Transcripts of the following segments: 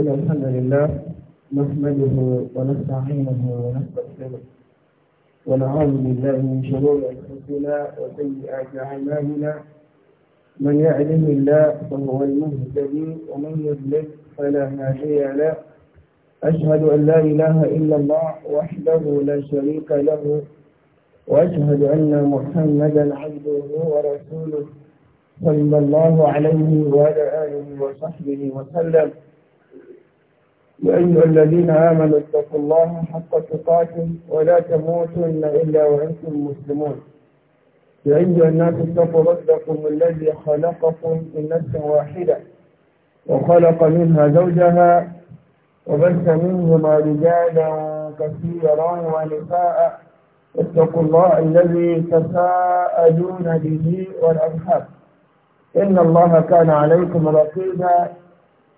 إن الحمد لله نحمده ونستعينه ونستغفره ونعوذ بالله من شرور أنفسنا وسيئات أعمالنا من يعلم الله فهو المهتدي ومن يضلل فلا هادي له أشهد أن لا إله إلا الله وحده لا شريك له وأشهد أن محمدا عبده ورسوله صلى الله عليه وعلى آله وصحبه وسلم يا أيها الذين آمنوا اتقوا الله حق تقاته ولا تموتن إلا وأنتم مسلمون يا أيها الناس اتقوا ربكم الذي خلقكم من نفس واحدة وخلق منها زوجها وبث منهما رجالا كثيرا ونساء اتقوا الله الذي تساءلون به والأرحام إن الله كان عليكم رقيبا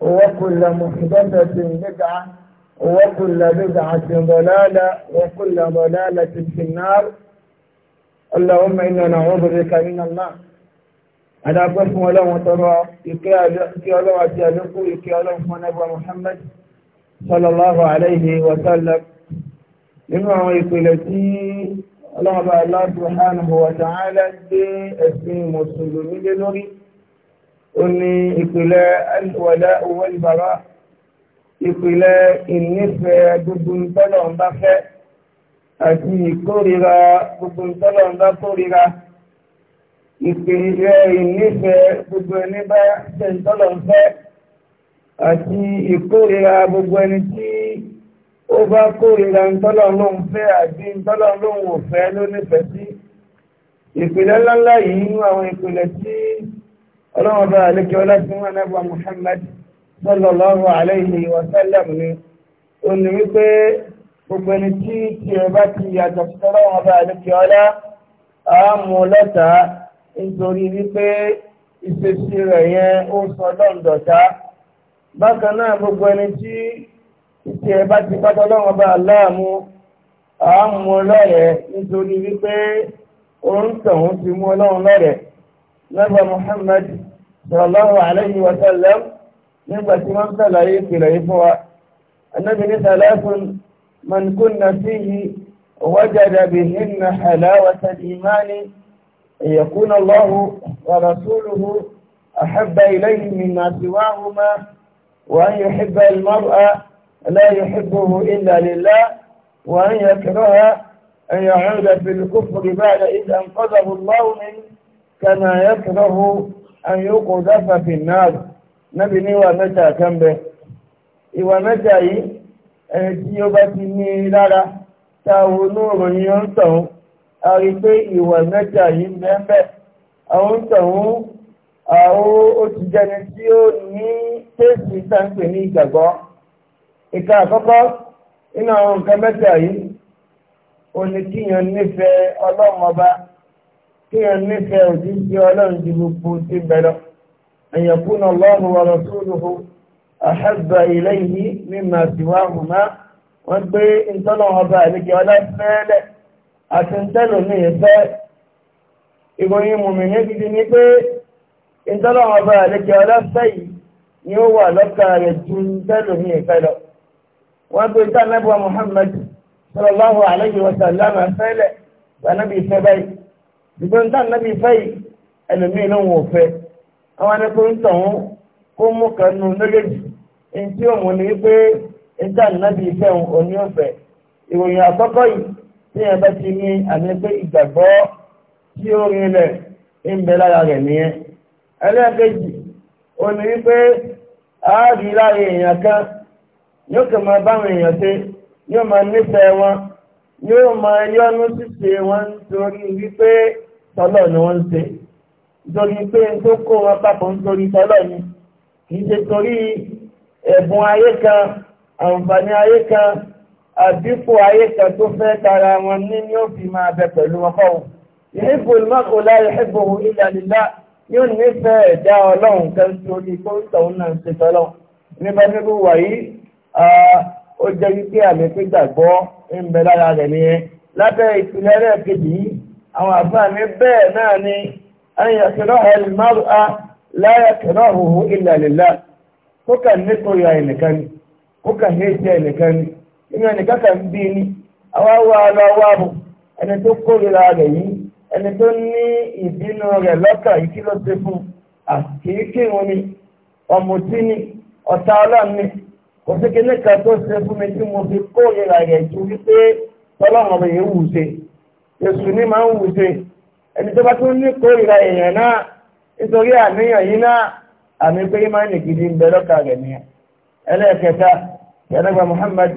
وكل محدثة بدعة وكل بدعة ضلالة وكل ضلالة في النار اللهم إنا نعوذ بك من النار أنا أقسم ولو ترى إكي ولو أتيالكو إكي ولو فنبو محمد صلى الله عليه وسلم لما هو يقول الله سبحانه وتعالى باسم مسلمين لنوري ó ní ìpìlẹ̀ alwala wal bara ìpìlẹ̀ ìnífẹ̀ẹ́ gbogbo ntọ́lọ̀ ń bá fẹ́ àti ìkórira gbogbo ntọ́lọ̀ ń bá kórira ìpìlẹ̀ ìnífẹ̀ẹ́ gbogbo ẹni bá ṣe ntọ́lọ̀ ń fẹ́ àti ìkórira gbogbo ẹni tí ó bá kórira ntọ́lọ̀ ló ń fẹ́ àti ntọ́lọ̀ ló ń wò fẹ́ ló nífẹ̀ẹ́ sí ìpìlẹ̀ ńláńlá yìí nínú àwọn ìpìlẹ̀ tí ọlọ́wọ́ bá àlejò ọlọ́sìn wọn náà bá Muhammad sallallahu alayhi wa sallam ni ó ní wípé gbogbo ẹni tí tí ẹ bá ti yàtọ̀ sọ́lọ́wọ́ bá àlejò ọlá àmú lọ́tà nítorí wípé ìṣesí rẹ̀ yẹn ó sọ lọ́ndọ̀ta bákan náà gbogbo ẹni tí tí ẹ bá ti pátá ọlọ́wọ́ bá aláàmú àmú lọ́rẹ̀ nítorí wípé ó ń ti mú ọlọ́run lọ́rẹ̀ lọ́gbà Muhammad صلى الله عليه وسلم من باتمام سلايك لإفوة النبي ثلاث من كن فيه وجد بهن حلاوة الإيمان يكون الله ورسوله أحب إليه مما سواهما وأن يحب المرأة لا يحبه إلا لله وأن يكره أن يعود في الكفر بعد إذ أنقذه الله منه كما يكره an yi kò dáfà fi náà nábì ní ìwà mẹ́ta kan bẹ iwa mẹ́ta yi ẹni tí ó bá ti ní lára táwọn oníròyìn ń tàn á rí pé iwa mẹ́ta yi ń bẹ́ẹ̀ àwọn tàn ó ti jẹni tí ó ní tẹ́sí sáńpẹ̀ ní ìgbàgbọ́ ìka àkọ́kọ́ nínú àwọn nǹkan mẹ́ta yìí ó ní kíyàn nífẹ̀ẹ́ ọlọ́run kí ẹ nífẹ̀ẹ́ òjíjí ọlọ́run ju gbogbo ti bẹ̀rẹ̀ ẹ̀yẹ̀kúnà Allahu wa rasuluhu ahabba ilayhi mimma siwahuma wọ́n gbé ìtọ́nà ọba àlejò ọlọ́fẹ́lẹ̀ àti ìtẹ́lò ní ìfẹ́ ìròyìn mùmìnì gidi ni pé ìtọ́nà ọba àlejò ọlọ́fẹ́ yìí ni ó wà lọ́kà ìtẹ́lò sallallahu alayhi wa sallam fẹ́lẹ̀ sanabi fẹ́ báyìí ṣùgbọ́n tá nàbí fẹ́yì ẹlòmíì ló ń wò fẹ́ àwọn ẹni tó ń tàn ó kó mú kanú méjèèjì ẹni tí ó ni wípé níta nàbí fẹ́ òní ọ̀fẹ́ ìròyìn àkọ́kọ́ yìí tí yẹn bá ti ní àmì pé ìgbàgbọ́ tí ó rinlẹ̀ ń bẹ lára rẹ̀ nìyẹn ẹlẹ́ẹ̀kejì òní wípé àárí lára èèyàn kan yóò kàn máa báwọn èèyàn ṣe yóò máa nífẹ̀ẹ́ wọn yóò máa yọnu ṣíṣe wọn nítorí wípé tọ́lọ̀ ni wọ́n ń ṣe nítorí pé n tó kó wọn papọ̀ nítorí tọ́lọ̀ ni kì í ṣe torí ẹ̀bùn ayé kan àǹfààní ayé kan àdínkù ayé kan tó fẹ́ tara wọn ní ni ó fi máa bẹ pẹ̀lú wọn kọ́ wọn. ìhìbò ìmọ̀kò láyé ìhìbò illa lillah yóò nífẹ̀ẹ́ ẹ̀dá ọlọ́run kan torí kó ìtọ̀hún náà ń ṣe tọ́lọ̀ nípa nígbà wàyí ó jẹ́ wípé àmì pé gbàgbọ́ ń bẹ lára rẹ̀ nìyẹn lábẹ́ ìpìlẹ̀ rẹ̀ kejì yìí àwọn àfáàní bẹ́ẹ̀ náà ni ayàkìrọ̀ ẹlmárùá láyàkìrọ̀ òhù ìlàlìlá kó kà nítorí ẹnìkan ni kó kà hẹ́sí ẹnìkan ni inú ẹnìkan kan bí ni àwọn wà lọ́wọ́ àbò ẹni tó kórìíra rẹ̀ yìí ẹni tó ní ìbínú rẹ̀ lọ́kà yìí kò sí kíní kan tó ṣe fún mi tí mo fi kórìíra rẹ̀ ju wípé tọ́lọ́run ọmọ yẹn wù ṣe èṣù ní máa ń wù ṣe ẹni tó bá tún ní kórìíra èèyàn náà nítorí àníyàn yìí náà àmì pé máa ń nìkìdí ń bẹ lọ́kà rẹ̀ nìyẹn ẹlẹ́ẹ̀kẹta yàrá Muhammad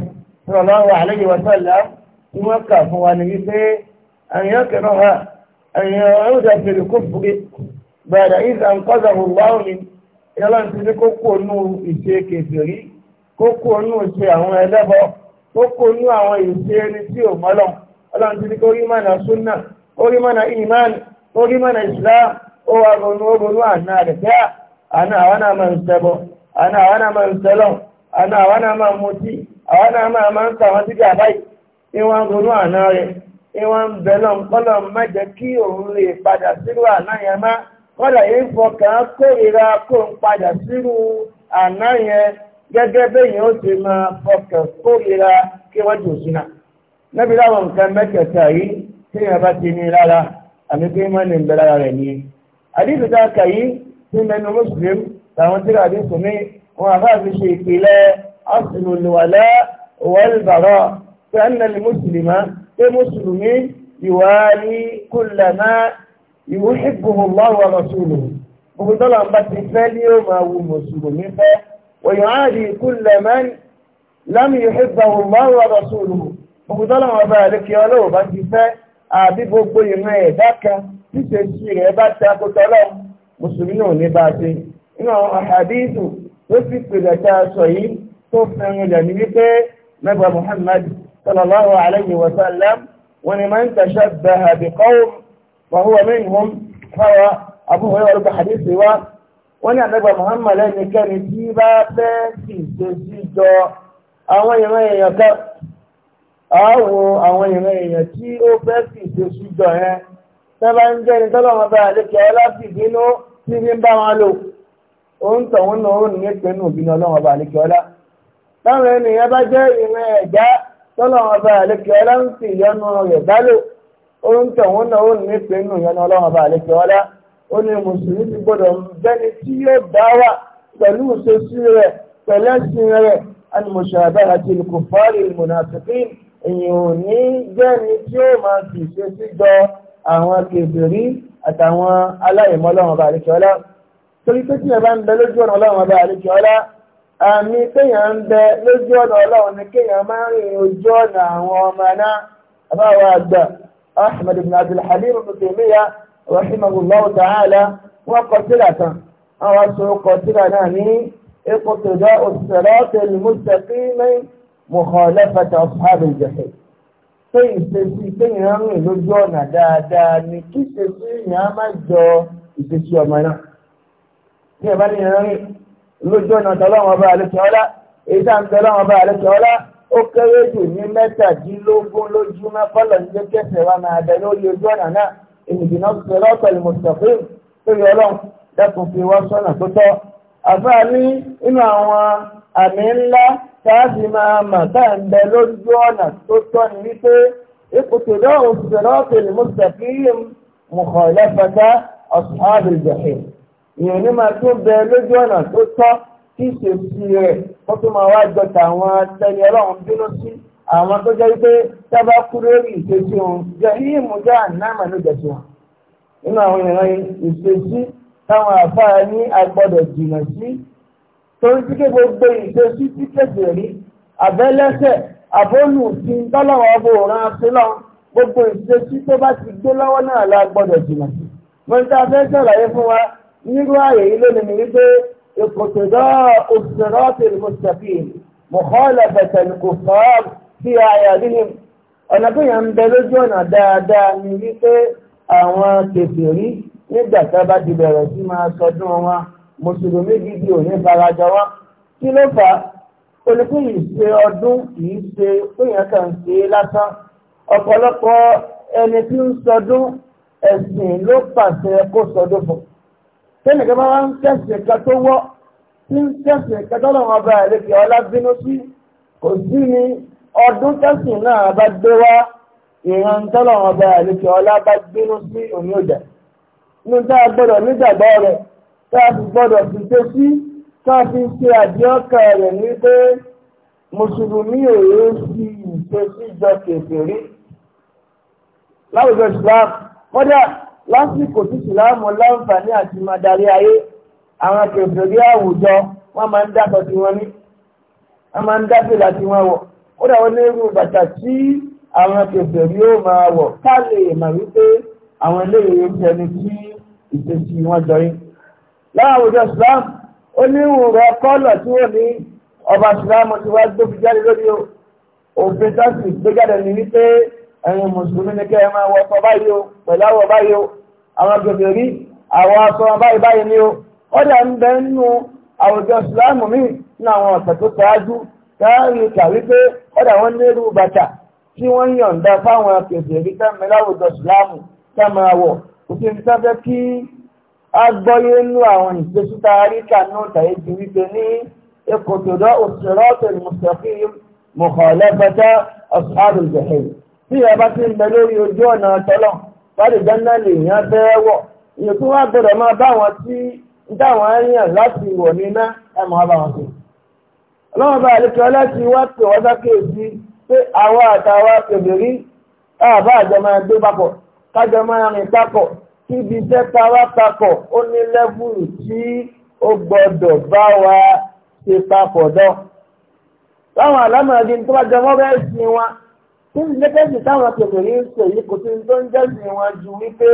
sallallahu alayhi wa sallam tí wọ́n kà fún wa ní wípé àyàn kẹrọ ha àyàn ọ̀dà fèrè kó fúri bàdà ìzà ń kọ́ kókó inú ṣe àwọn ẹlẹ́bọ kókó inú àwọn ìṣe ẹni tí ò mọ́lọ̀ ọlọ́run ti ní kó mọ́nà mọ́nà islam ó wà ronú ó àná rẹ̀ àná àwọn náà ń ṣẹbọ àná àwọn náà se ń ṣẹlọ àná àwọn náà ń mutí àwọn náà máa ń ta títí àbáyé ní wọ́n àná rẹ̀ ní wọ́n kí òun lè padà sírú àná yẹn má kọ́lọ̀ yìí fọkàn kórìíra kó ń gẹ́gẹ́ bẹ́yìn ó ti máa fọkàn kórìíra kí wọ́n jù sínú. níbi láwọn nǹkan mẹ́tẹ̀ẹ̀ta yìí tí èèyàn bá ti ní rárá àmì pé má ní ìbẹ̀rẹ̀ ara rẹ̀ nìyẹn. àdìsí tá a kà yìí tí mẹnu mùsùlùm làwọn tíra àdìsí mi wọn àbá fi ṣe ìpìlẹ̀ asùlùwàlá wàlbàrà fẹ́ẹ́nẹ́lì mùsùlùmá pé mùsùlùmí ìwárí kùlàmá ìwúhìbùhùn lọ́wọ́ rọ̀ṣùlù. gbogbo ويعادي كل من لم يحبه الله ورسوله وقدلنا ذلك يا لو بان جفاء أبي بوبو يمي ذاك في سيسير يبات تاكو تلو مسلمون نباتي إنه أحاديث وفي كل تاسوين توفن لنبيك نبى محمد صلى الله عليه وسلم ولمن تشبه بقوم فهو منهم فهو أبو هريرة حديث رواه wọ́n ní àdàgbà Muhammad ẹnikẹ́ni tí bá fẹ́ sì ṣe síjọ àwọn ìran èèyàn kan àáwò àwọn ìran èèyàn tí ó fẹ́ sì ṣe síjọ yẹn tẹ́ bá ń jẹ́ni tọ́lọ́mọ bá àlékè ọlábìbínú tí ní bá wọn lò ó tọ̀hún náà ó ní pẹ̀lú òbínú ọlọ́mọ bá àlékè ọlá táwọn ènìyàn bá jẹ́ ìran ẹ̀já tọ́lọ́mọ bá àlékè ọlá ń sì yọnu rẹ̀ dálò ó tọ̀hún náà ó ní pẹ̀lú ìyọnu ọlọ́mọ bá àlékè ọlá ó ní mùsùlùmí ti gbọ́dọ̀ bẹ́ni tí yóò dá wà pẹ̀lú ìṣesí rẹ̀ pẹ̀lú ẹ̀sìn rẹ̀ alìmọ̀ṣàdá àti ìlùkùfárì ìmùnàfíkìn èyàn ò ní jẹ́ni tí ó máa fi ìṣesí jọ àwọn kèbèrí àtàwọn aláìmọ́ ọlọ́run ọba àríkẹ́ọ́lá torí pé tí ẹ̀bá ń bẹ lójú ọ̀nà ọlọ́run ọba àríkẹ́ọ́lá àmì kéèyàn ń bẹ lójú ọ̀nà ọlọ́run ni kéèyàn máa ń rìn ojú ọ̀nà àwọn ọmọ náà àbáwọ̀ àgbà Ahmad ibn Abdul Halim rahimahullahu ta'ala wọ́n kọ síra kan àwọn aṣọ kọ síra náà ní iqtida as-sirat al-mustaqim mukhalafat ashab al-jahim pé ìṣesí kéèyàn ń rìn lójú ọ̀nà dáadáa ni kí ìṣesí yẹn á má jọ ìṣesí ọmọ náà ní ẹ̀bá ní ìrìn lójú ọ̀nà tọ́lọ́wọ́n ọba àlẹ́kẹ́ ọlá èyí tá à ń tọ́lọ́wọ́n ọba àlẹ́kẹ́ ọlá ó kéré jù ní mẹ́tàdínlógún lójúmọ́ kọ́lọ̀ ní jẹ́ wa máa bẹ lórí ojú ọ̀nà náà ìdìnnà sọ̀rọ̀ pẹ̀lú mùsùlùmí lórí ọlọ́run dẹ́kun fi wá sọ́nà tó tọ́. àbá ní inú àwọn àmì ńlá táàbì máa mà táà ń bẹ lójú ọ̀nà tó tọ́ ni wípé ipòtò lọ́rùn sọ̀rọ̀ pẹ̀lú mùsùlùmí mùkànlẹ́fẹ̀dá ọ̀sùnmáàbìjẹ̀hì ìyẹn ní máa tún bẹ lójú ọ̀nà tó tọ́ kí ìṣèṣì rẹ̀ kó tó máa wá jọ tàwọn tẹ́lẹ̀ ọlọ́run bínú sí àwọn tó jẹ́ wípé tábà kúrò rí ìṣesí wọn jẹ́ yíyí mú jẹ́ ànáàmà ló jẹ́ sí wọn. nínú àwọn ìran ìṣesí táwọn àfáà ní agbọ́dọ̀ jìnnà sí torí tí kí gbogbo ìṣesí tí kẹsì rí àbẹ́lẹ́sẹ̀ àbónú ti ń tọ́lọ́wọ́ bó ran sílọ́n gbogbo ìṣesí tó bá ti gbé lọ́wọ́ náà la gbọ́dọ̀ jìnnà sí. mo ń ta fẹ́ sàlàyé fún wa nírú ààyè yìí lónìí ni wípé ìkòtòdọ́ òṣèrọ́ọ̀tì mùsàfihàn mùkọ́lẹ̀ sí ayà nínú ọ̀nà tó yàn ń bẹ lójú ọ̀nà dáadáa ni wípé àwọn kèfèrí nígbà tá a bá ti bẹ̀rẹ̀ sí máa sọdún wọn mùsùlùmí gidi ò ní farajọ wọn kí ló fà á olùkún yìí ṣe ọdún kìí ṣe péyàn kàn ṣe é lásán ọ̀pọ̀lọpọ̀ ẹni tí ń sọdún ẹ̀sìn ló pàṣẹ kó sọdún fún tẹ́nìkan bá wá ń tẹ̀sìn kan tó wọ́ tí ń tẹ̀sìn kan tọ́lọ́wọ́n ọba àlejò ọlá bínú sí kò sí ni ọdún tẹ́sìn náà bá gbé wá ìran tọ́lọ̀ ọba àlejò ọlá bá gbénú sí òní ọjà ní tá a gbọ́dọ̀ nígbàgbọ́ rẹ̀ tá a fi gbọ́dọ̀ fi tó sí tá a fi ṣe àdíọ́kà rẹ̀ ní pé mùsùlùmí òye fi ìṣe síjọ kèfèrí láwùjọ islam kódà lásìkò tí ìsìláàmù láǹfààní àti máa ayé àwọn kèfèrí àwùjọ wọn máa ń dákọ̀ tiwọn ní wọn máa ń dábìlà tiwọn wọ̀ ó dàwọn onírú bàtà tí àwọn kẹfẹ́ yóò máa wọ̀ ká lè mà wípé àwọn eléyìí ń tẹni tí ìṣesí wọn jọ yín. láwùjọ Islam ó ní ìwòrán kọ́lọ̀ tí wọ́n ní ọba Islam ti wá gbóbi jáde lórí òfin tásì gbé jáde ní wípé ẹ̀yin mùsùlùmí ni kẹ́ ẹ máa wọ ọkọ̀ báyìí o pẹ̀lú àwọ̀ báyìí o àwọn kẹfẹ́ àwọn aṣọ báyìí báyìí ni o ọ̀dà ń bẹ nínú àwùjọ Islam míì ní àwọn ọ̀sẹ̀ tó ṣáájú ọ̀dà wọn nírú bàtà tí wọ́n yọ̀ǹda fáwọn akẹ̀sẹ̀rí tẹ́mi láwùjọ ìsìláàmù tá máa wọ̀ kò sí ní sáfẹ́ kí a gbọ́yé nú àwọn ìgbésíta áríkà náà tàyé ti wípé ní ekòtòdó òṣèrọ́tò ìmùsọ̀kì mọ̀kànlẹ́fẹ́tẹ́ ọ̀sán ìgbẹ̀hẹ̀ tí ìyá bá ti ń bẹ lórí ojú ọ̀nà tọ́lọ̀ wádìí dáná lè yàn bẹ́ẹ̀ wọ̀ ìyókù wá gbọ́dọ̀ máa bá wọn tí ń dáwọn ẹ̀yàn láti wọ̀ ní iná ẹ̀ sí i ọlọ́run bá àlékè ọlọ́sìn wá pè wọ́n sákèèsí pé àwa àtàwa kèbèrí káàbá àjọ máa gbé papọ̀ kájọ máa rìn papọ̀ kíbi iṣẹ́ táwa papọ̀ ó ní lẹ́bùrù tí ó gbọ́dọ̀ bá wa ṣe papọ̀ dán. láwọn àlámọ̀ràn ní tó bá jẹ mọ́ bẹ́ẹ̀ sin wa tí lẹ́kẹ̀sì táwọn kèbèrí ń ṣe yìí kò sí tó ń jẹ́sìn wọn ju wípé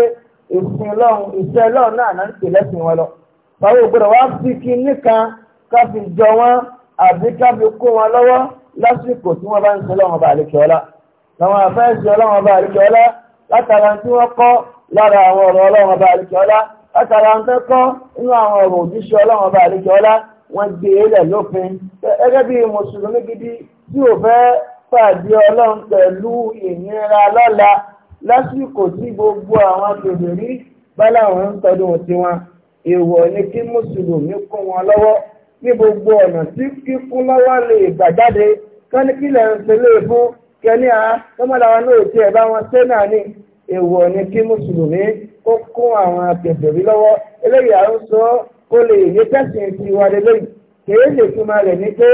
ìsìn lọ́run ìṣẹ́ lọ́run náà àbí kábi kó wọn lọ́wọ́ lásìkò tí wọ́n bá ń sọ lọ́wọ́ bá àlekè ọlá làwọn àfẹ́sì ọlọ́wọ́ bá àlekè ọlá látara tí wọ́n kọ́ lára àwọn ọ̀rọ̀ ọlọ́wọ́ bá àlekè ọlá látara ń fẹ́ kọ́ inú àwọn ọ̀rọ̀ òjíṣẹ́ ọlọ́wọ́ bá àlekè ọlá wọ́n gbé e lẹ̀ lópin gẹ́gẹ́ bí mùsùlùmí gidi tí ò fẹ́ pàdé ọlọ́run pẹ̀lú ìnira lọ́la lásìkò tí gbogbo àwọn tòbìrí bá ń tọdún tiwọn èèwọ̀ ni kí mùsùlùmí kún wọn lọ́wọ́ ní gbogbo ọ̀nà tí kíkún lọ́wọ́ lè gbà jáde kán ní kílẹ̀ ń ṣe léèbú kẹ́ni à tọ́mọ́láwa náà ti ẹ̀ bá wọn ṣe náà ni èèwọ̀ ni kí mùsùlùmí kó kún àwọn akẹ̀bẹ̀rí lọ́wọ́ eléyìí à ń sọ kó lè ní tẹ̀sìn ti wà lélẹ́yìn kèé lè túmọ̀ rẹ̀ ní pé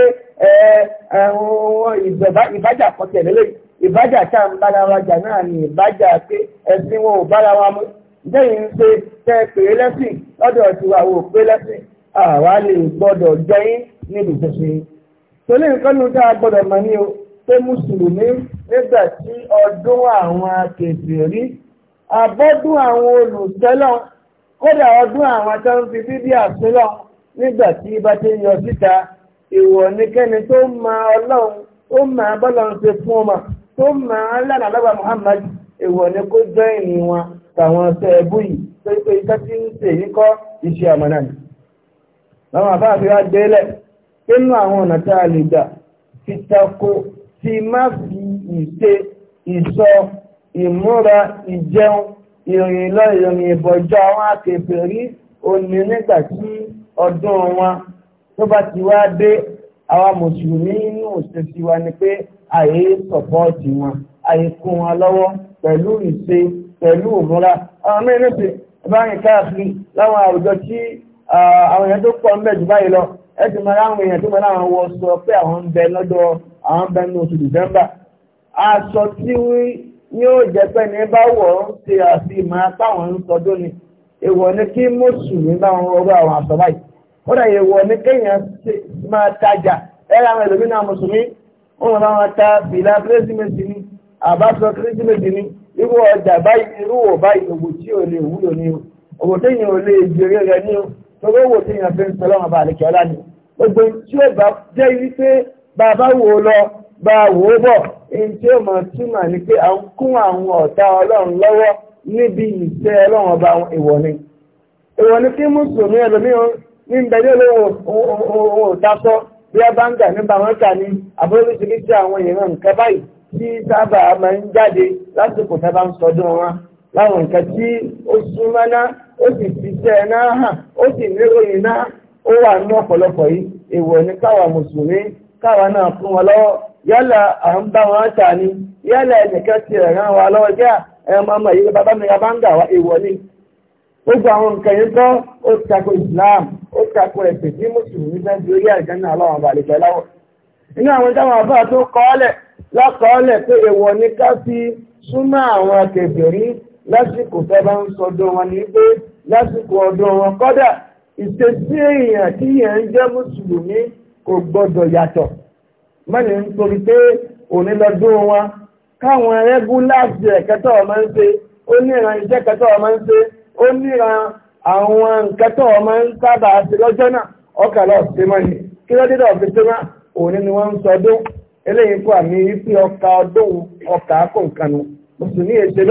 ẹ̀hún ìbájà kan tẹ̀lé ìbájà tá à ń bára wa jà náà ni ìbájà pé ẹ̀sìn wọn ò bára wa mú lẹ́yìn ń pé tẹ́ pèé lẹ́sìn lọ́dọ̀ tiwa wò pé lẹ́sìn àwa lè gbọ́dọ̀ jẹ́yìn níbi ìjọsìn. torí nǹkan nu tá a gbọ́dọ̀ mọ̀ ní o pé mùsùlùmí nígbà tí ọdún àwọn kèfèrí abọ́dún àwọn olùtẹ́lọ̀ kódà ọdún àwọn tó ń fi bíbí àtúlọ̀ nígbà tí bá ti yọ síta ìwọ̀ nìkẹ́ni tó mọ ọlọ́run ó mọ abọ́lọ́run ṣe fún ọmọ tó mọ alára lọ́wọ́ Muhammad ìwọ̀ ni kó jẹ́ ìní wọn tàwọn ọ̀sẹ̀ ẹ̀bú yìí pé pé iṣẹ́ tí ń ṣe yìí kọ́ iṣẹ́ àmọ́ láwọn àbá àfi wá délẹ̀ nínú àwọn ọ̀nà tá a lè gbà fi tako ti má fi ìṣe ìsọ ìmúra ìjẹun ìrìn lọ ìrìn ìbọ̀jọ́ àwọn akèfèrí òní nígbà tí ọdún wọn tó bá ti wá dé àwa mùsùlùmí inú òṣèṣì wa ni pé àyè sọ̀pọ́ọ̀tì wọn àyè kún wọn lọ́wọ́ pẹ̀lú ìṣe pẹ̀lú òmúra àwọn mẹ́rin ní ti bá rìn káàkiri láwọn àwùjọ tí Ah, àwọn èèyàn tó pọ̀ mẹ́jù báyìí lọ ẹ̀sì mọ́ láwọn èèyàn tó mọ́ láwọn wọ sọ pé àwọn ń bẹ lọ́dọ̀ àwọn bẹ ní oṣù December aṣọ tí yóò jẹ́ pé ní bá wọ̀ ń ṣe àti ìmọ̀ apáwọn ń sọ tó ni èèwọ̀ ni kí mùsùlùmí bá wọn wọ́rọ̀ àwọn àṣọ báyìí ó dà èèwọ̀ ni kéèyàn máa tajà ẹ̀rọ àwọn ẹlòmíràn mùsùlùmí wọn bá wọn ta fìlà kérésìmesì ni àbáṣọ kérésìmesì ni irú ọjà báyìí irú ò báyìí òwò tí ò lè wúlò ni o òwò téèyàn ò lè jèrè rẹ ni o tọ́wọ́ wò tí èèyàn fi ń sọlọ́mọ bá àlekẹ́ ọlá ni gbogbo tí ó bá jẹ́ wípé bàbá wò lọ bá wò bọ̀ èyí tí ó mọ̀ túmọ̀ ní pé à ń kún àwọn ọ̀tá ọlọ́run lọ́wọ́ níbi ọlọ́run ọba ìwọ̀ ni ìwọ̀ ni kí mùsùlùmí ní bẹ̀rẹ̀ bí a bá ń ó sì ṣiṣẹ́ náà hàn ó sì níròyìn náà ó wà ní ọ̀pọ̀lọpọ̀ yìí èèwọ̀ ní káwa mùsùlùmí káwa náà fún wọn lọ́wọ́ yálà à ń bá wọn yálà ẹnìkan ti ràn wá lọ́wọ́ jẹ́ yìí bàbá mi bá ń gà wá ni gbogbo àwọn nǹkan yìí ó tako Islam ó tako ẹ̀sìn tí mùsùlùmí àìsàn náà lọ́wọ́ lásìkò tó bá ń sọdún wọn ní pé lásìkò ọdún wọn kọ́dà ìṣesí èèyàn tí èèyàn ń jẹ́ mùsùlùmí kò gbọdọ yàtọ̀ mẹ́ni ń torí pé òní lọdún wọn káwọn rẹ́gúláàsì ẹ̀kẹ́tọ̀ ọmọ ń ṣe ó níran ọmọ ń ṣe ó níran àwọn ọmọ ń sábà ṣe náà ọkà lọ sí kí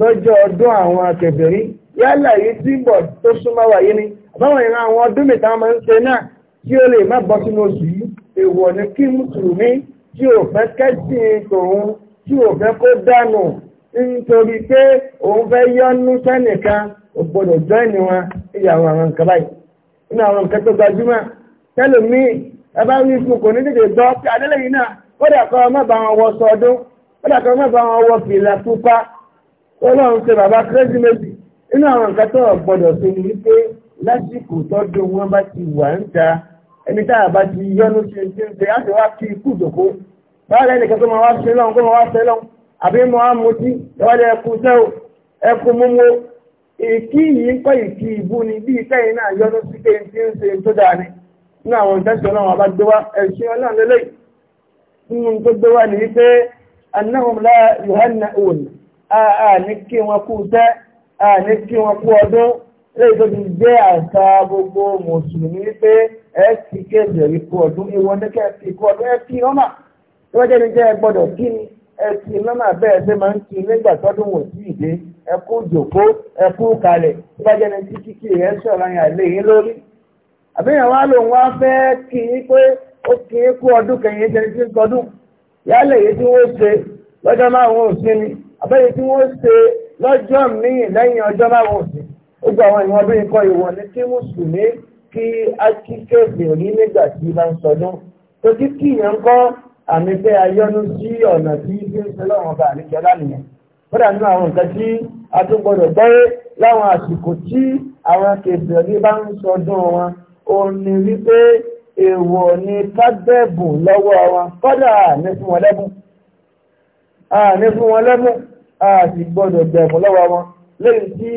lọ́jọ́ ọdún àwọn akẹ̀bẹ̀rí yálà yìí tí bọ̀ tó súnmọ́ wáyé ni àbáwọn ìran àwọn ọdún mẹ́ta máa ń ṣe náà tí ó lè má bọ́ sínú oṣù yìí èèwọ̀ ni kí mùsùlùmí tí ò fẹ́ kẹ́sìn tòun tí ò fẹ́ kó dànù nítorí pé òun fẹ́ yọ́nú sẹ́nìkan ò gbọ́dọ̀ jọ́ ẹni wọn ìyàwó àwọn nǹkan báyìí nínú àwọn nǹkan tó gbajúmọ̀ tẹ́lòmíì ẹ bá wí fún kò ní tètè gbọ́ pé adélẹ́yìn náà kódà kọ́ ọ bá wọn wọ sọ ọdún kódà kọ́ ọ bá wọn wọ fìlà pupa ọlọ́run ṣe bàbá kérésì méjì inú àwọn nǹkan tó gbọdọ̀ ṣe ni wípé lásìkò tọ́dún wọn bá ti wà ń ta ẹni tá a bá ti yọnu ṣe ṣe ṣe á ti wá kí ikú ìdòkó báyìí lẹ́yìn nìkan tó máa wá ṣe lọ́hùn kó máa wá ṣe lọ́hùn àbí mo á mutí ìwádìí ẹkú sẹ́wọ̀ ẹkú múmú ìkí yìí ń kọ́ ìkí ìbú ni bí ìkẹyìn náà yọnu sí pé ti ń ṣe tó dáa ni nínú àwọn ìtẹ́sí ọlọ́run àbá gbé gbé wá ni a ní kí wọn kú tẹ a ní kí wọn kú ọdún lẹ́yìn tó ti jẹ́ àṣà gbogbo mùsùlùmí pé ẹ ti kéde ikú ọdún ìwọ ní ti ọdún ẹ ti lọ́nà tí wọ́n jẹ́ ní jẹ́ gbọ́dọ̀ kí ni ẹ ti bẹ́ẹ̀ ṣe máa ń kí nígbà tọ́dún wò sí ẹ kú jòkó ẹ kú kalẹ̀ tí wọ́n jẹ́ ní sọ̀rọ̀ yẹn yín lórí. àbíyàn wa lòun wá fẹ́ kí pé ó kí kú ọdún kẹyìn jẹ́ àbẹ́yẹ tí wọ́n ṣe lọ́jọ́ míì lẹ́yìn ọjọ́ márùn ún sí ó gba àwọn ìwọ̀n bí nǹkan ìwọ̀n ní kí mùsùlùmí kí akíkèèfì rí nígbà tí bá ń sọdún tó kí kí ìyẹn kọ́ àmì pé ayọ́nú sí ọ̀nà tí bí ń ṣe lọ́wọ́n bá àníkẹ́ lánìyàn kódà nínú àwọn nǹkan tí a tún gbọdọ̀ gbọ́yé láwọn àsìkò tí àwọn kèèfì rí bá ń sọdún wọn òun ni wípé èèwọ̀ ni ká lọ́wọ́ wọn kódà ní fún wọn lẹ́bùn a sì gbọ́dọ̀ jẹ̀mú lọ́wọ́ wọn lẹ́yìn tí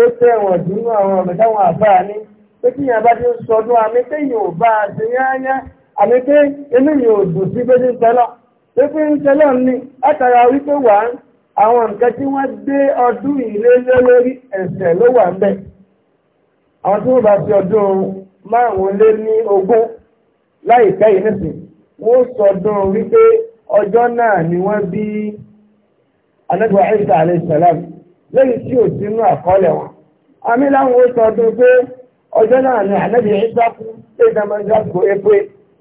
ó tẹ̀wọ̀n dúnú àwọn ọ̀mẹ táwọn àfáà ní pé kí yàn bá ti ń sọdún àmì pé yìí ò bá a ṣe yáyá àmì pé inú yìí ò dùn sí pé ní sẹlọ pé pé ń sẹlọ ni látara wípé wà ń àwọn nǹkan tí wọ́n gbé ọdún ìlélẹ́ lórí ẹ̀sẹ̀ ló wà ń bẹ̀ àwọn tí wọ́n bá fi ọdún márùn-ún lé ní ogún láìpẹ́ yìí nísìn wọ́n sọdún wípé ọjọ́ náà ni wọ́n bí anábíwá ẹ̀sà alẹ́sàlám lẹ́yìn tí ò sínú àkọọ́lẹ̀ wọn àmì láwọn ó sọdún pé ọjọ́ náà ni ànábì ẹ̀sà kú ẹ̀dàmọ́sàkó epo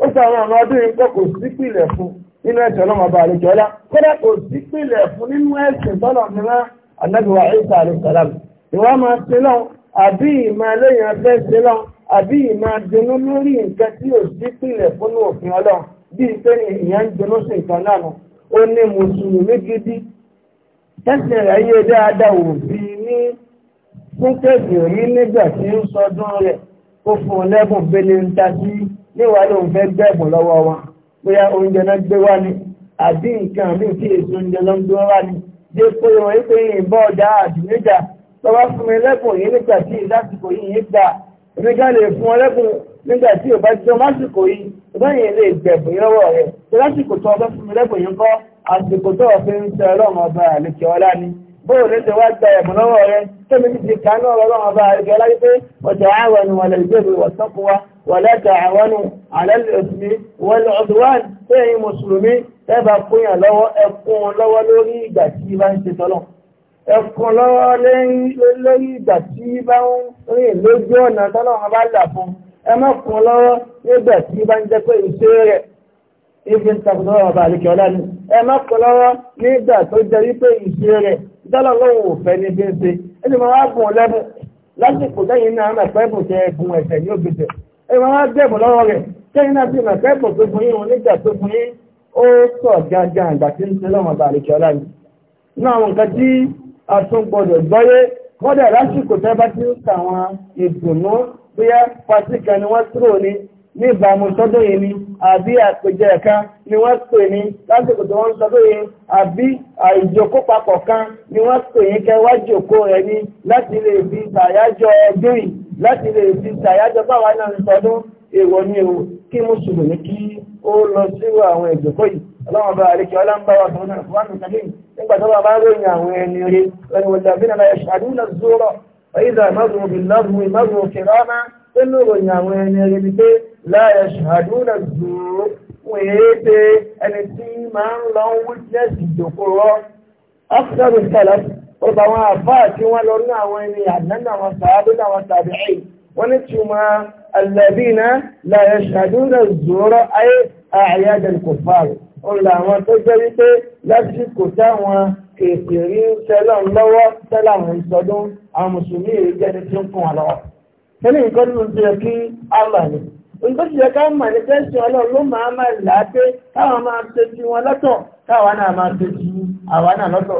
ó sọ àwọn ọmọ ọdún yìí kọ́ kò sípìlẹ̀ fún nínú ẹ̀sìn ọlọ́mọ ọba àlejò ọlá kódà kò sípìlẹ̀ fún nínú ẹ̀sìn tọ́lọ̀ mìíràn anábíwá ẹ̀sà alẹ́sàlám ìwà máa ṣe lọ àbí ìmọ̀ ẹlẹ́yìn afẹ́ ṣe lọ àbí ìmọ̀ dunú lórí tẹ́sí ayé dáadáa ò bí ní sínkẹ́sì rí nígbà tí ń sọdún rẹ̀ kó fún un bẹ́lẹ̀ ń ta sí níwàá lóun fẹ́ gbẹ̀bùn lọ́wọ́ wọn bóyá oúnjẹ náà gbé wá ni àbí nǹkan àbí kí èso oúnjẹ ló ń gbé wá ni dé pé wọn yí pé yìnyín bọ́ ọ̀dà àdìmẹ́jà tọ́wọ́ fún mi lẹ́bùn yìí nígbà tí ìlásìkò yìí yìí gbà èmi ká lè fún ọ lẹ́bùn nígbà tí ò bá jọ lásìkò yìí ìbáyìí lè gbẹ̀bùn yọwọ́ rẹ̀ lásìkò tó ọbẹ̀ fún mi lẹ́bùn yìí kọ́ àsìkò tó wà fi ń tẹ ọlọ́run ọba àlekè ọlá ni bóò lè ṣe wá gba ẹ̀bùn lọ́wọ́ rẹ tóbi ti ti kánú ọlọ́run ọba àlekè ọlá yìí pé ọjà àwọn ẹnu wọlé ìgbèrè wọ̀sánpọ̀ wa wọlé ẹ̀ka àwọn ẹnu alẹ́ òsùnmí wọlé ọdúnwàn sẹ́yìn mùsùlùmí ẹ bá kúnyàn lọ́wọ́ ẹ lọ́wọ́ lórí ìgbà tí bá ń ṣe tọ́lọ̀ ẹ lọ́wọ́ lórí ìgbà tí bá ń rìn lójú ọ̀nà tọ́lọ̀ ibi ń takùn lọ́wọ́ ọba ọlá ni ẹ má kọ lọ́wọ́ nígbà tó jẹ́ wípé ìṣe rẹ̀ dọ́là lóhùn òfẹ́ ní bí ń ṣe ẹ ní máa gùn lẹ́bùn lásìkò lẹ́yìn náà máa pẹ́ bùn tẹ ẹ̀bùn ẹ̀sẹ̀ ní òbíṣẹ́ ẹ máa gbẹ̀bùn lọ́wọ́ rẹ̀ lẹ́yìn náà sì máa pẹ́ bùn tó gun yín onígbà tó gun yín ó sọ gàgà àgbà tí ń ṣe lọ́wọ́ ọba àlekè ọlá ní ìbámu sọ́dọ̀ ni àbí àpèjẹ kan ni wọ́n pè ní lásìkò tí wọ́n sọ́dọ̀ yìí àbí àìjókòó papọ̀ kan ni wọ́n pè yín kẹ́ wá jókòó rẹ̀ ní láti lè fi ṣàyájọ́ ọdún yìí láti lè fi ṣàyájọ́ báwa náà ń sọdún èèwọ̀ ni o kí mùsùlùmí kí ó lọ sírò àwọn ìjókòó yìí ọlọ́run bá àríkẹ́ ọlọ́mbáwà tó náà fún àmì kàdé nígbà tó bá bá ròyìn àwọn ẹni rí ẹni wọ̀dà bí nàlàyé ṣàdúnà zúrọ̀ ọ̀yídà mọ́gùn bí lọ́gùn ìmọ́gùn kìrọ́mà nínú ìròyìn àwọn ẹni ẹni ni pé láyé ṣàdúrà zòó wọ́n èé pé ẹni tí máa ń lọ wítínẹ́sì ìjòkòrọ́ áfíríkà sẹ́lẹ̀ ọba àwọn àfáà tí wọ́n lọ ní àwọn ẹni àdánù àwọn sàábé àwọn tàbí ẹ̀yìn wọ́n ní túmọ̀ alẹ́bìnà láyé ṣàdúrà zòó ayé àyájẹ́ kò fáàrù tó jẹ́ wípé lásìkò táwọn kèkèrè ń tẹ́lọ̀ lọ́wọ́ tẹ́lọ̀ àwọn ìsọdún àwọn mùsùlùmí èyí jẹ́ni ń kún wọn lọ́wọ́. Kẹ́lẹ́ nǹkan nínú ti yẹ kí a mà ní. Nǹkan ti yẹ ká mà ní tẹ́sí ọlọ́run ló máa máa là á pé káwọn máa ṣe ti wọn lọ́tọ̀ káwọn máa ṣe náà lọ́tọ̀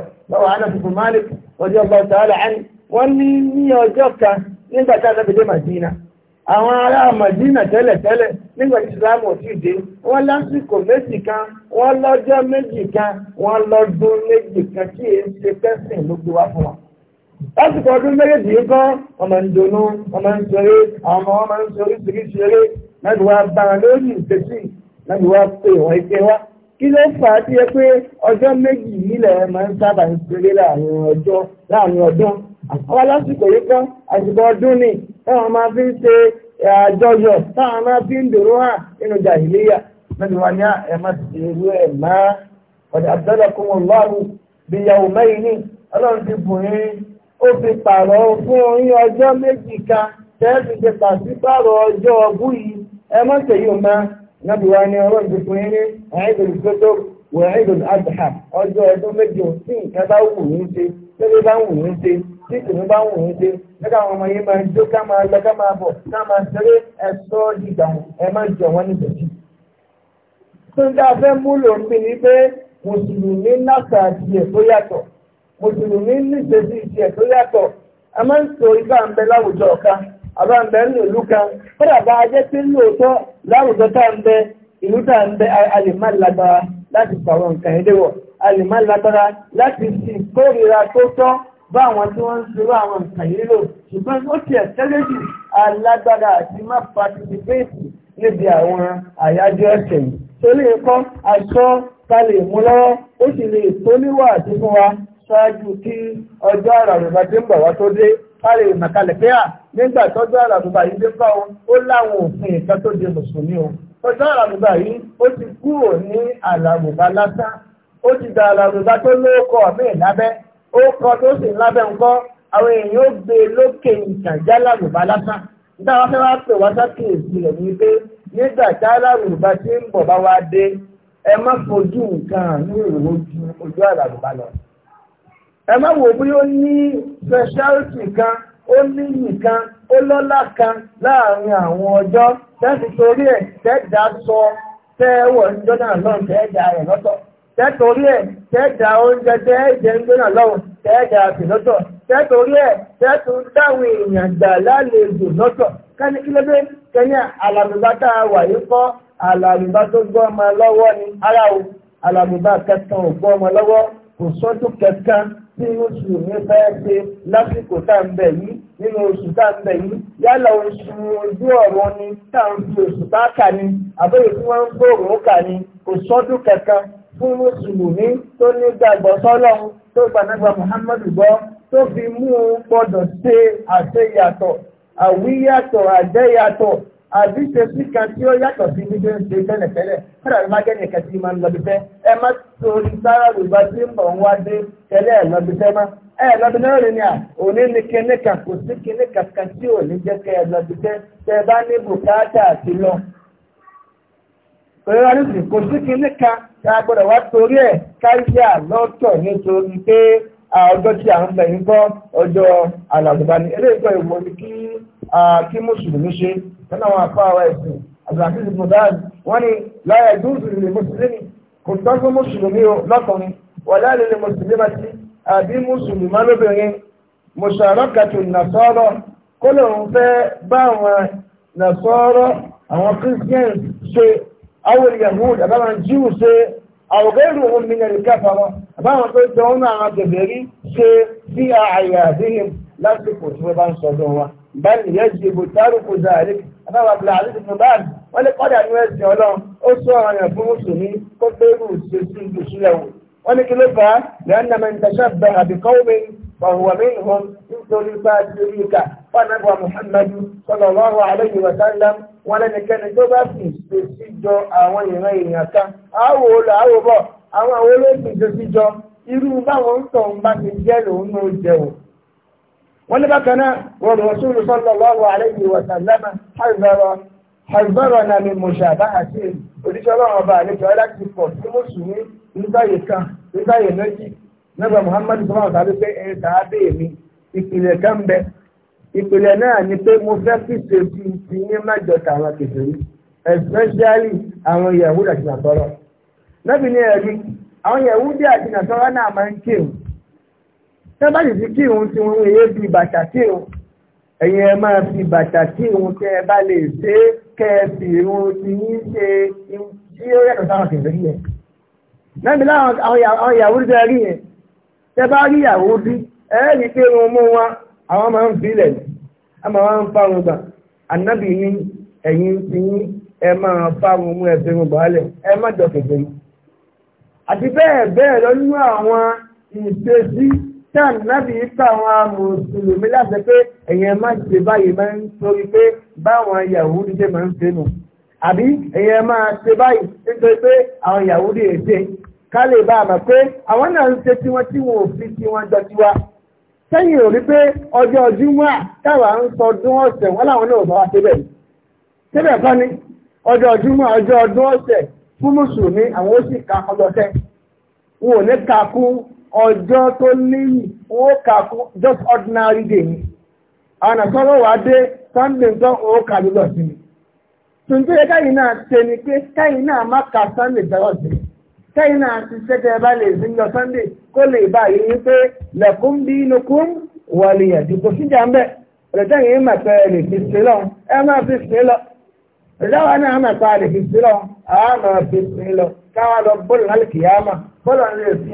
a Àwọn ará Màdínà nígbà Ìsìlámù ti dé, wọ́n lásìkò méjì kan, wọ́n lọ́jọ́ méjì kan, wọ́n lọ́dún lásìkò ọdún méjèèjì yìí kọ́ ọmọ ń ọmọ ń ọmọ ọmọ ń sọrí sìrí wá bá lórí ìfẹ́sì láti wá pé wọn ike wá kí ló fà á pé ọjọ́ méjì nílẹ̀ máa ń sábà ń sọrí láàrin ọjọ́ ọdún àwọn lásìkò táwọn máa fi ń ṣe àjọyọ̀ táwọn máa fi ń hàn nínú wá ní ó fi pààrọ̀ fún oyún ọjọ́ méjì kan tẹ́ẹ̀sì ti pàṣípààrọ̀ ọjọ́ ọgbú yìí ẹ mọ́ tèyí ọmọ nábìwá ni ọ̀rọ̀ ìdìkún yín ẹ̀ẹ́dùn ìfẹ́tọ́ wẹ̀ẹ́dùn àdìhà ọjọ́ ọdún méjì tí nǹkan bá wù ní ṣe tẹ́lẹ̀ bá wù ní ṣe tí wọn mùsùlùmí níṣe sí iṣẹ́ tó yàtọ̀ a máa ń sọ ibà ń bẹ láwùjọ kan àbá ń bẹ ní ìlú kan kódà bá a jẹ́ pé lóòótọ́ láwùjọ tá ń bẹ ìlú tá ń bẹ a lè má lágbára láti pàwọn nǹkan ẹ̀dẹ́wọ̀ a lè má lágbára láti fi kórìíra tó tọ́ bá àwọn tí wọ́n ń ṣerú àwọn nǹkan yìí lò ṣùgbọ́n ó ti ẹ̀tẹ́lẹ́ jù alágbára àti má patisipéètì níbi àwọn àyájọ́ ẹ̀sẹ̀ yìí torí ẹ̀kọ́ aṣọ ta lè mú lọ́wọ́ ó sì lè tó níwà àti fún wa ṣáájú kí ọjọ́ àràrùbá tí ń bọ̀ wá tó dé káre ìmọ̀kalẹ̀ pé à nígbà tọ́jọ́ àràrùbá yìí dé bá wọn ó láwọn òfin ìkan tó di mùsùlùmí o ọjọ́ àràrùbá yìí ó ti kúrò ní àràrùbá lásán ó ti da àràrùbá tó lóókọ ó kọ tó sì lábẹ́ ńkọ́ àwọn èèyàn ó gbé e lókè lásán nígbà wọn fẹ́ pè wá lọ. ẹ má wò bí ó ní speciality kan ó ní nìkan ó lọ́lá kan láàrin àwọn ọjọ́ tẹ́sí torí ẹ̀ tẹ́dà sọ tẹ́wọ̀ ń jọ́nà náà tẹ́dà rẹ̀ lọ́tọ̀ tẹ́torí ẹ̀ tẹ́dà oúnjẹ tẹ́ẹ̀jẹ̀ ń jọ́nà lọ́wọ́ tẹ́dà rẹ̀ lọ́tọ̀ tẹ́torí ẹ̀ tẹ́tún dáwọn èèyàn gbà lálejò lọ́tọ̀ kẹ́ni kí ló dé kẹ́yìn alàmùbá tá a wà yìí kọ́ alàmùbá tó gbọ́ ọmọ lọ́wọ́ ni ara o alàmùbá kẹtàn ò gbọ́ ọmọ lọ́wọ́ kò sọ́dún kẹtàn tí oṣù mi fẹ́ ṣe lásìkò tá ń bẹ̀ yìí nínú oṣù tá ń bẹ̀ yìí yálà oṣù ojú ọ̀run ni tá ń fi oṣù tá kà ni àbẹ̀yẹ tí wọ́n ń gbòòrò kà ni kò sọ́dún kankan fún mùsùlùmí tó ní gbàgbọ́ sọ́lọ́run tó gbàdàgbà Muhammadu gbọ́ tó fi mú un gbọ́dọ̀ ṣe àṣeyàtọ̀ àwíyàtọ̀ àjẹyàtọ̀ àbí ṣe sí kan tí ó yàtọ̀ sí ní bẹ́ẹ̀ ṣe tẹ́lẹ̀tẹ́lẹ̀ kódà ló má jẹ́ nìkan tí máa ń lọ bíbẹ́ ẹ má torí sára yorùbá tí ń bọ̀ ń wá dé tẹ́lẹ̀ ẹ̀ lọ bíbẹ́ má ẹ lọ bíbẹ́ rẹ̀ ni à òní ni kíní kan kò sí kíní kankan tí ò ní jẹ́ kẹ́ ẹ lọ bíbẹ́ tẹ́ ẹ bá ní bùkátà àti lọ. pẹ̀lú àdúgbò kò sí kíní kan tá a gbọ́dọ̀ wá torí ẹ̀ káyà lọ́tọ̀ nítorí pé ọjọ́ tí à ń bẹ̀ ń kọ́ ọjọ́ alàgbà ni eléyìí ìwọ ni kí kí mùsùlùmí ṣe nínú àwọn afọ àwọn ẹ̀sìn abdulhakeem mudan wọ́n ní láyé dúdú lè mùsùlùmí kò tọ́ fún mùsùlùmí lọ́kùnrin wọ̀lá lè lè mùsùlùmí bá ti àbí mùsùlùmá lóbìnrin mùsàrọ́kàtù nàṣọ́rọ́ kó lè fẹ́ bá àwọn nàṣọ́rọ́ àwọn christians ṣe àwọn أو غيرهم من الكفرة ما قلت هنا شيء في أعيادهم لا تكون بان بل يجب ترك ذلك أنا أبلع عليك النبال ولقد أن يسجع لهم اصوى عن يكون مسلمي قلت يقول سيسين بشيله ولكلفة لأن من تشبه بقوم فهو منهم يقول فاتريك فنبوى محمد صلى الله عليه وسلم wọn lẹ́nikẹ́ni tó bá sì ṣe síjọ àwọn ìran èèyàn kan àwò lọ àwò bọ̀ àwọn àwọn olóògùn ṣe síjọ irú báwọn ń tọ̀ ń bá ti jẹ́ lòun ló jẹ o. wọ́n ní bákan náà wọ́n rọ̀ sóòlù sọ́lọ̀ lọ́wọ́ àlejò náà ni mo ṣàbá àti ọba àlejò tí mo sùn ní nígbàyè kan nígbàyè méjì nígbà Muhammadu ìpìlẹ̀ náà ni pé mo fẹ́ kíṣe bí i ti ní mẹ́jọ tàwọn kèfèrí especially àwọn Yahudi àti nàtọ́rọ̀ lẹ́bi ní ẹ̀rí àwọn Yahudi àti nàtọ́rọ̀ náà máa ń kírun tẹ́ bá sì ti kírun tí wọ́n yé bí bàtà kírun ẹ̀yin ẹ máa fi bàtà kírun tẹ́ ẹ bá lè ṣe é kẹ́ ẹ fi irun ti yín ṣe tí ó yàtọ̀ sáwọn kèfèrí yẹn lẹ́bi láwọn Yahudi tẹ́ rí yẹn tẹ́ bá rí Yahudi ẹ̀ẹ́rì pé àwọn máa ń bílẹ̀ a máa ń fárun gbà ànábì ní ẹ̀yìn ti ní ẹ máa fárun mú ẹ̀fẹ́ gbàálẹ̀ ẹ má jọ kẹfẹ́ yìí àti bẹ́ẹ̀ bẹ́ẹ̀ lọ nínú àwọn ìṣesí tí ànábì táwọn mùsùlùmí láti pé ẹ̀yìn ẹ má ṣe báyìí máa ń torí pé báwọn Yahudi ṣe máa ń ṣe nù àbí ẹ̀yìn ẹ máa ṣe báyìí nítorí pé àwọn Yahudi èdè ká lè bá àmọ̀ pé àwọn náà ń ṣe tiwọn tí wọn ò fi tiwọn jọ tiwa sẹ́yìn ò rí pé ọjọ́ Jímọ̀ táwa ń sọdún ọ̀sẹ̀ wọ́n láwọn náà bá wá síbẹ̀ síbẹ̀ kọ́ ni ọjọ́ Jímọ̀ ọjọ́ ọdún ọ̀sẹ̀ fún mùsùlùmí àwọn ó sì ka ọjọ́ tẹ́ wọn ò ní ka kú ọjọ́ tó níyì wọn ó ka kú just ordinary day ni àwọn àtọ́rọ̀ wá dé Sunday nǹkan ó kà lọ́lọ́ sí mi tuntun yẹ káyìn náà ṣe ni pé káyìn náà má ka Sunday tẹ́yìn náà ti ṣẹ́tẹ̀ bá lè sí lọ sunday kó lè bá yìí pé lẹ́kùn bí lukùn wọlé ẹ̀dùkú síjà ń bẹ̀ rẹ̀tẹ́ yìí mà pé lè fi sí lọ ẹ máa fi sí lọ rẹ̀dáwà náà mà pa lè fi sí lọ àá máa fi sí lọ káwa lọ bọ́ọ̀lù náà kìyàmà bọ́ọ̀lù náà lè fi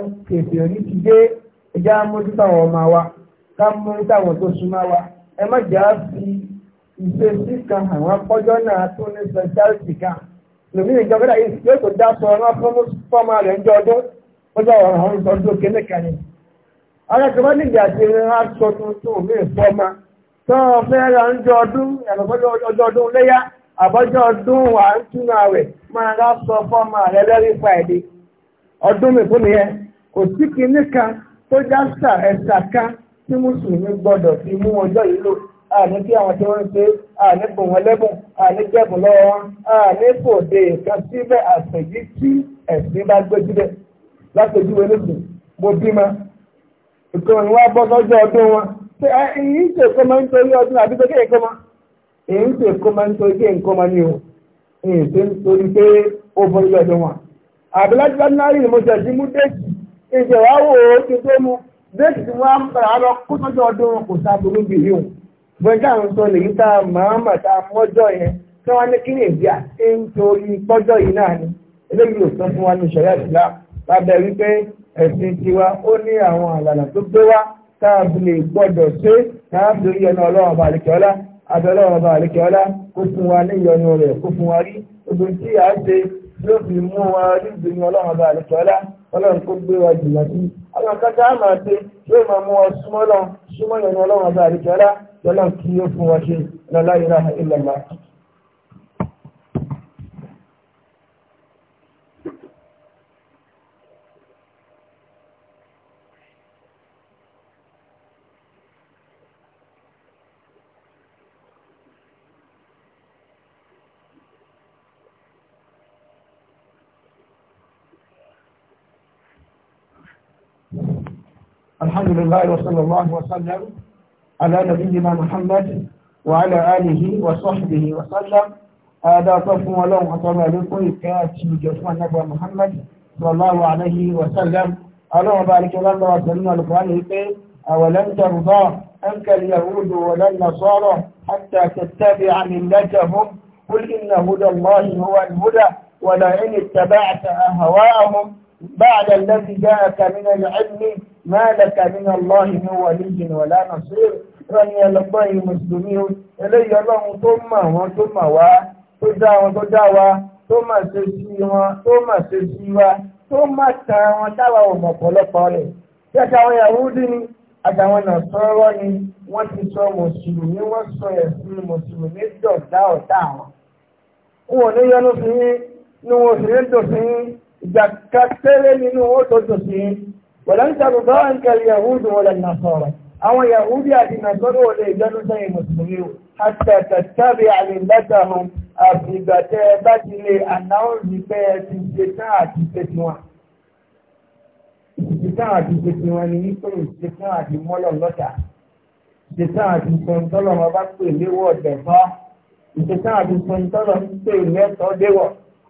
ń ṣe òun ẹjá mójútó àwọn ọmọ wa ká mójútó àwọn tó súnmọ́ wa ẹ má jà á fi ìṣesí kan àwọn kọjọ́ náà tó ní speciality kan lòmìnira ìjọba yìí yóò tó dá sọ ọ̀nà fọ́mà rẹ̀ ń jọ ọdún ó jọ ọ̀rọ̀ àwọn ìtọ́jú kéde kan ni. ara tó bá nígbà tí a sọ tuntun mí fọ́mà tó o fẹ́ ra ń jọ ọdún ẹ̀rọ̀fọ́jọ́ ọjọ́ ọdún léyà àbọ́jọ́ ọdún wà ń túnú àwẹ̀ máa rá sọ fọ́mà rẹ̀ lẹ́rí fàìdí ọdún mi fún nìyẹn kò sí kinní kan tó já ẹ̀sà kan tí mùsùlùmí gbọ́dọ̀ fi mú ọjọ́ yìí lò àní kí àwọn tí wọ́n ń ṣe àní bò wọ́n lẹ́bùn àní jẹ́bùn lọ́wọ́ wọn àní kò dé nǹkan síbẹ̀ àṣèjì tí ẹ̀sìn bá gbé síbẹ̀ látòjúwe lóṣùn mo bímọ ìkọrin wa bọ́ sọ́jọ́ ọdún wọn ṣé èyí ń ṣe kó máa ń torí ọdún àbí pé kéèkó máa èyí ń ṣe kó máa ń torí pé nǹkan máa ní o èyí ṣe ń torí pé ó borí ọdún wọn. àbílájú bá náírà ni mo ṣe ti mú déètì ìṣèwà wò ó ti tó mu déètì tí wọ́n á lọ kó bọ́jà ń sọ lèyí tá a màámà tá a mọ́jọ́ yẹn tí wọ́n ní kí ni ìdí àti nítorí pọ́jọ́ yìí náà ni eléyìí ò sọ fún wa ní ìṣẹ̀lẹ̀ ìṣẹ̀lá lábẹ́ wípé ẹ̀sìn tiwa ó ní àwọn àlànà tó gbé wá tá a lè gbọ́dọ̀ ṣe tá a lè yẹnu ọlọ́run ọba àlekẹ́ọ́lá abẹ́ ọlọ́run ọba àlekẹ́ọ́lá kó fún wa ní ìyọnu rẹ̀ kó fún wa rí gbogbo tí a ṣe yóò fi mú wa ríbi ní ọlọ́run bá àlùkọ́lá ọlọ́run kó gbé wa jìnnà sí àwọn kẹta á máa ṣe yóò máa mú wa súnmọ́ lọ súnmọ́ yẹn ní ọlọ́run bá àlùkọ́lá ọlọ́run kí yóò fún wa ṣe lọ́lá ìlànà ìlànà. الحمد لله وصلى الله وسلم على نبينا محمد وعلى آله وصحبه وسلم هذا طف ولو أطلع لكم كاتي جسم نبوة محمد صلى الله عليه وسلم اللهم بارك لنا وسلم القرآن أولن ترضى أنك اليهود ولا النصارى حتى تتبع ملتهم قل إن هدى الله هو الهدى ولئن اتبعت أهواءهم بعد الذي جاءك من العلم ما لك من الله من ولي ولا نصير rán ní ẹlọ́gbọ́n yìí mùsùlùmí o eléyìí ọlọ́run tó mọ̀ wọn tó mọ̀ wá tó dá wọn tó dá wa tó mà ṣe sí wọn tó mà ṣe sí wa tó má ta wọn táwa ò mọ̀ pọ̀lọpọ̀ rẹ̀ bí àtàwọn Yahudi ni àtàwọn nàṣọ́rọ́ ni wọ́n ti sọ mùsùlùmí wọ́n sọ ẹ̀sìn mùsùlùmí dọ̀dá ọ̀tá wọn. wọn ò ní yọnu sí yín ni wọn ò sì ní dòfin yín ìgbàkàtẹ́rẹ́ nínú owó tó tó sí wọ̀lẹ́ ń sàrùbá ǹkẹ̀lì yahudu wọlé nàṣọ́rọ̀ àwọn yahudi àti nàṣọ́rọ̀ wọlé ìjọ́nú sẹ́yìn mùsùlùmí àtẹ̀tẹ̀tẹ̀rì àlèlẹ́tàhùn àfìgbàtẹ́ bá ti lè ànáwòrì pé ẹtì ṣe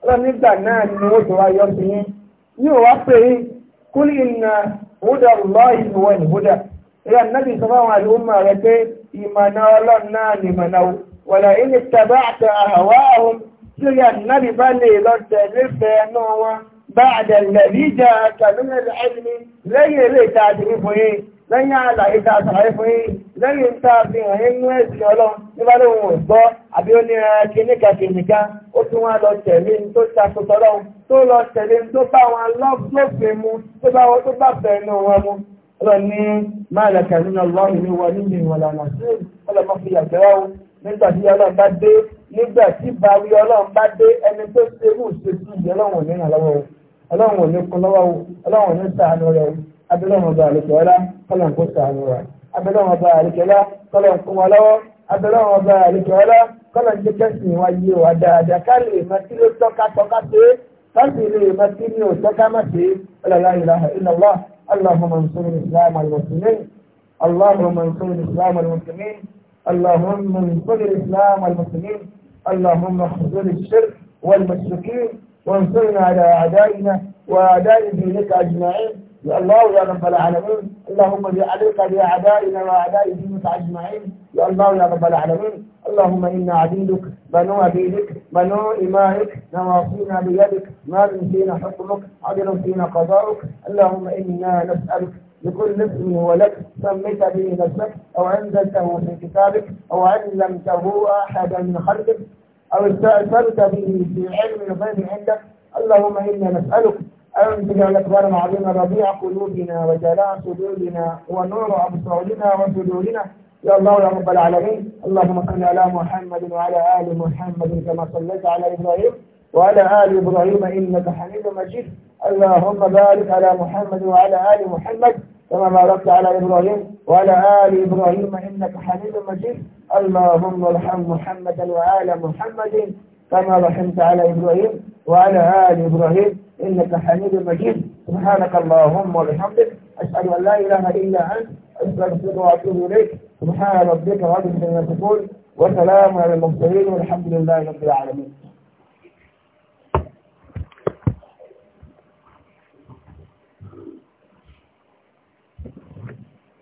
ọlọ́nígbà náà ni owó tó wá yọ sí yín ní òwá pé yín kúlì ìnà húdà lọ́ọ̀yì ìwọ ìhúdà ìyá nábì sọ fáwọn àlùmọ̀ rẹ pé ìmọ̀nà ọlọ́run náà ni ìmọ̀nà o wọ̀là ìní tàbá àti àhàwá ọ̀hún tí ìyá nábì bá lè lọ tẹ̀lé fẹ́ẹ́ náà wọn bá àdàlẹ̀ rí ìjà àtàlùmọ̀ lẹ́yìn àlàyé tá a sàlàyé fún yín lẹ́yìn tá a fi hàn nínú ẹ̀sìn ọlọ́run nígbà tó wọn gbọ́ àbí ó ní ẹran kìnìkan kìnìkan ó tún wá lọ tẹ̀lé ní tó ṣàkóso ọlọ́run tó lọ tẹ̀lé ní tó bá wọn lọ́gbọ́fin mu tó bá wọn tó bá fẹ̀ẹ́nu wọn mu. ọlọ́run ní máa lẹ̀kẹ̀ nínú ọlọ́run ní wọlé ní ìwọ̀lànà sí ọlọ́mọ́ abẹ́lọ́mọ bá àlùkẹ́lá kọ́lọ̀ kó sàánú wa abẹ́lọ́mọ bá àlùkẹ́lá kọ́lọ̀ kó wa lọ́wọ́ abẹ́lọ́mọ bá àlùkẹ́lá kọ́lọ̀ jẹ́ kẹ́sìn wa yé wa dáadáa ká lè mọ kí ló tọ́ka tọ́ka pé káàsì lè mọ kí ni ò tọ́ka pé la ilaha illallah allahumma ansur al يا الله يا رب العالمين اللهم بعليك بأعدائنا وأعداء دينك أجمعين يا الله يا رب العالمين اللهم إنا عبيدك بنو عبيدك بنو إمائك نواصينا بيدك ما من فينا حكمك عدل فينا قضاؤك اللهم إنا نسألك بكل اسم هو لك سميت به نفسك أو أنزلته في كتابك أو علمته أحدا من خلقك أو استأثرت به في علم غير عندك اللهم إنا نسألك أنت يا أكبر معلم ربيع قلوبنا وجلاء صدورنا ونور أبصارنا وصدورنا يا الله يا رب العالمين اللهم صل على محمد وعلى آل محمد كما صليت على إبراهيم وعلى آل إبراهيم إنك حميد مجيد اللهم بارك على محمد وعلى آل محمد كما باركت على إبراهيم وعلى آل إبراهيم إنك حميد مجيد اللهم ارحم محمدا وآل محمد كما رحمت على إبراهيم وعلى آل إبراهيم إنك حميد مجيد سبحانك اللهم وبحمدك أشهد أن لا إله إلا أنت أستغفرك وأتوب إليك سبحان ربك رب العزة عما يصفون وسلام على المرسلين والحمد لله رب العالمين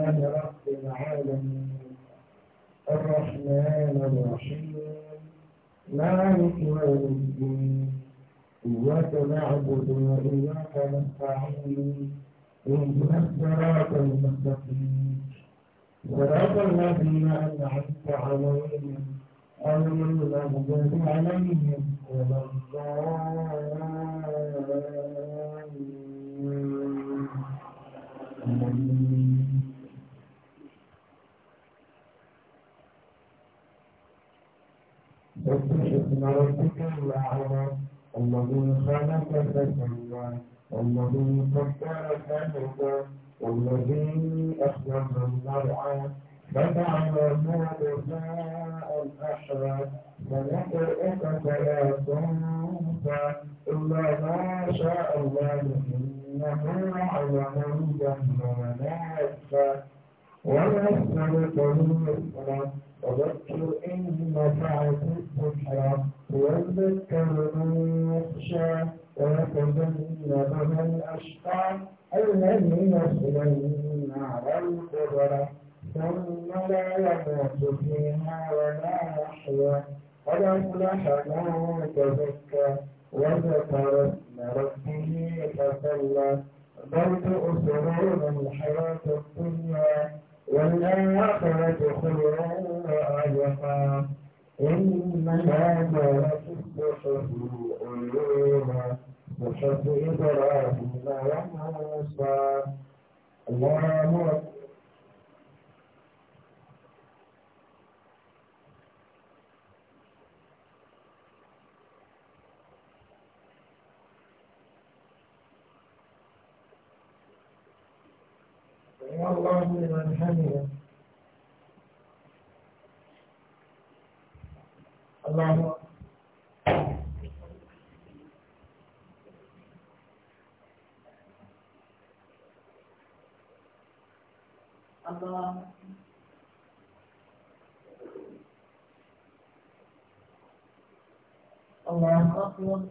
لله رب العالمين الرحمن الرحيم مالك يوم الدين إياك نعبد وإياك نستعين اهدنا الصراط المستقيم صراط الذين أنعمت عليهم أو المغضوب عليهم ولا الضالين الأعراف والذي خلق فسوى والذي قدر فهدى والذي أخرج المرعى فجعله غثاء أحوى سنقرئك فلا تنسى إلا ما شاء الله إنه علم الجهل ولا يخفى ويسأل كريم الصلاة وذكر إن نفعت الذكرى ويذكر من يخشى ويتجنب من أشقى الذي يصل النار الكبرى ثم لا يموت فيها ولا يحيا قد أفلح من تزكى وذكر اسم ربه فصلى بل تؤثرون الحياة الدنيا والآخرة خير وأبقى إن هذا لفي عيونا صحف إبراهيم وموسى الله أكبر الله لمن حمده الله الله الله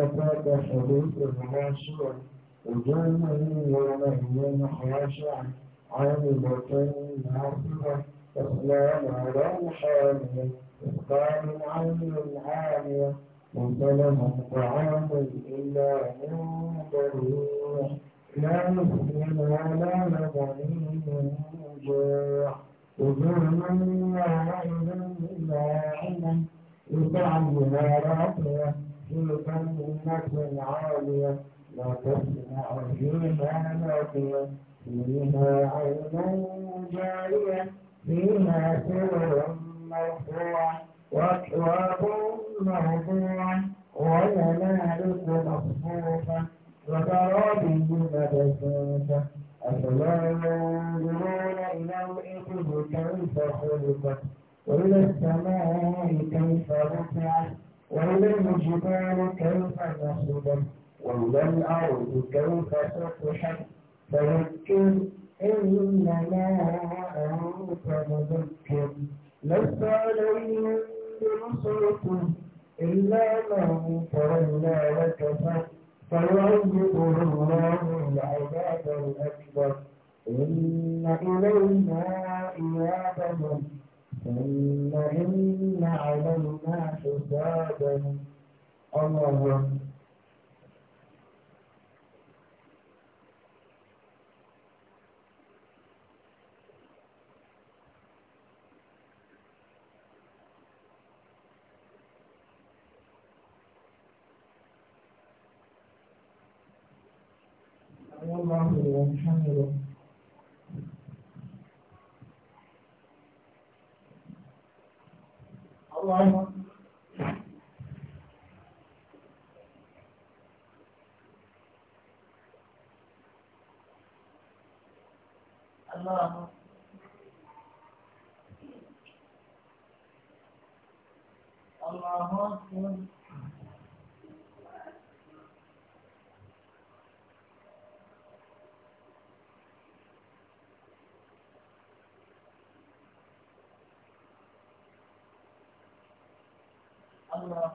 أتاك حديث الغاشية وجوه يومئذ خاشعة عاملة ناصبة تصلى نارا حامية تسقى من عين عالية ليس لهم طعام إلا من ضريع لا مسلم ولا مدني من جوع وجوه يومئذ ناعمة لسعيها راضية الجنة العالية لا تسمع فيها ناقية فيها عين جارية فيها سرر مرفوع وأكواب موضوع وملابس مصفوفة وزرابي مبثوثة أفلا ينظرون إلى الإبل كيف خلقت وإلى السماء كيف رفعت وإلى الجبال كيف نصبت وإلى الأرض كيف سطحت فذكر إنما أنت مذكر لست عليهم بنصرة إلا من تولى وكفر فيعذبه الله العذاب الأكبر إن إلينا إيابهم ثم إن علينا حسابا الله الله الحمد لله الله الله الله أكبر Allah.